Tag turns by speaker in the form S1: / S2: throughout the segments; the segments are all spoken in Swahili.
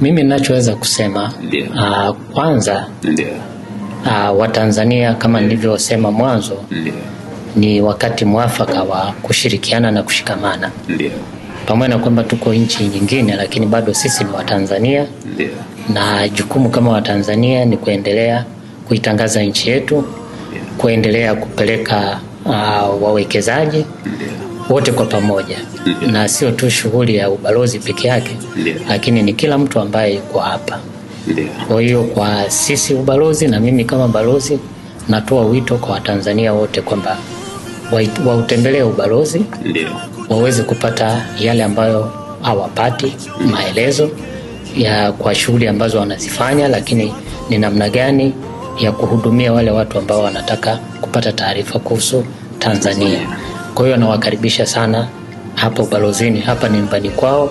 S1: Mimi ninachoweza kusema uh, kwanza uh, Watanzania kama nilivyosema mwanzo ni wakati mwafaka wa kushirikiana na kushikamana pamoja na kwamba tuko nchi nyingine, lakini bado sisi ni Watanzania na jukumu kama Watanzania ni kuendelea kuitangaza nchi yetu, kuendelea kupeleka uh, wawekezaji wote kwa pamoja yeah. na sio tu shughuli ya ubalozi peke yake yeah. lakini ni kila mtu ambaye yuko hapa yeah. kwa hiyo kwa sisi ubalozi na mimi kama balozi natoa wito kwa Watanzania wote kwamba wautembelee ubalozi yeah. waweze kupata yale ambayo hawapati mm. maelezo ya kwa shughuli ambazo wanazifanya, lakini ni namna gani ya kuhudumia wale watu ambao wanataka kupata taarifa kuhusu Tanzania. Kwa hiyo nawakaribisha sana hapa ubalozini, hapa ni nyumbani kwao,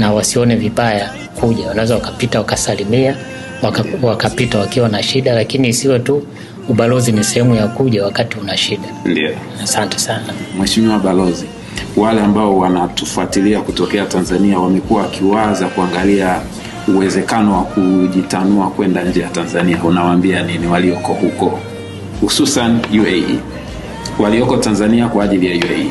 S1: na wasione vibaya kuja, wanaweza wakapita wakasalimia waka, wakapita wakiwa na shida, lakini isiwe tu ubalozi ni sehemu ya kuja wakati una shida. Ndio, asante sana
S2: Mheshimiwa Balozi. Wale ambao wanatufuatilia kutokea Tanzania wamekuwa wakiwaza kuangalia uwezekano wa kujitanua kwenda nje ya Tanzania, unawaambia nini walioko huko hususan UAE? walioko Tanzania kwa ajili ya UAE?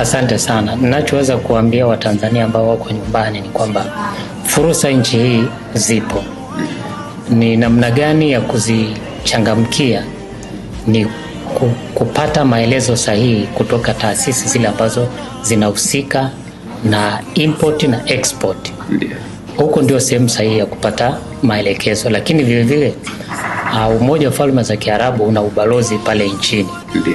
S1: Asante sana. Ninachoweza kuambia Watanzania ambao wako nyumbani ni kwamba fursa nchi hii zipo, ni namna gani ya kuzichangamkia ni kupata maelezo sahihi kutoka taasisi zile ambazo zinahusika na import na export. Huko ndio sehemu sahihi ya kupata maelekezo, lakini vilevile vile, uh, Umoja wa Falme za Kiarabu una ubalozi pale nchini.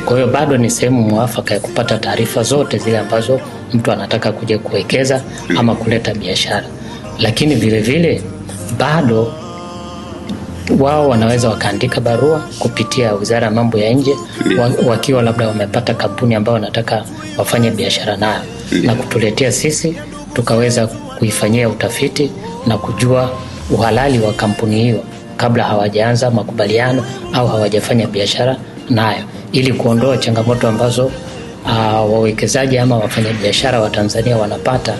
S1: Kwa hiyo bado ni sehemu mwafaka ya kupata taarifa zote zile ambazo mtu anataka kuja kuwekeza ama kuleta biashara, lakini vilevile vile, bado wao wanaweza wakaandika barua kupitia Wizara ya Mambo ya Nje wakiwa labda wamepata kampuni ambayo wanataka wafanye biashara nayo na kutuletea sisi tukaweza kuifanyia utafiti na kujua uhalali wa kampuni hiyo kabla hawajaanza makubaliano au hawajafanya biashara nayo, ili kuondoa changamoto ambazo uh, wawekezaji ama wafanyabiashara wa Tanzania wanapata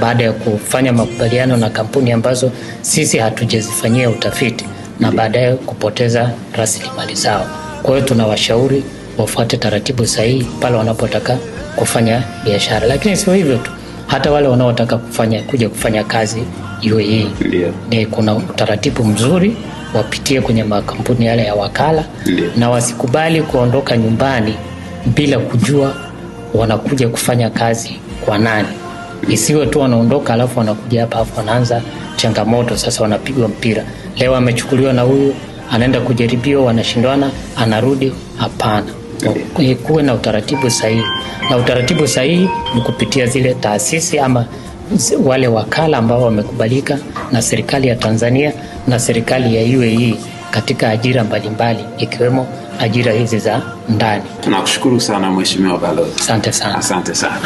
S1: baada ya kufanya makubaliano na kampuni ambazo sisi hatujazifanyia utafiti na baadaye kupoteza rasilimali zao. Kwa hiyo tunawashauri wafuate taratibu sahihi pale wanapotaka kufanya biashara, lakini sio hivyo tu, hata wale wanaotaka kufanya kuja kufanya kazi UAE, yeah. Ni kuna utaratibu mzuri wapitie kwenye makampuni yale ya wakala Ndiyo. na wasikubali kuondoka nyumbani bila kujua wanakuja kufanya kazi kwa nani. Isiwe tu wanaondoka alafu wanakuja hapa afu wanaanza changamoto, sasa wanapigwa mpira, leo amechukuliwa na huyu, anaenda kujaribiwa, wanashindwana, anarudi. Hapana, kuwe na utaratibu sahihi, na utaratibu sahihi ni kupitia zile taasisi ama wale wakala ambao wamekubalika na serikali ya Tanzania na serikali ya UAE katika ajira mbalimbali ikiwemo ajira hizi za ndani.
S2: Tunakushukuru sana mheshimiwa balozi. Asante sana. Asante sana.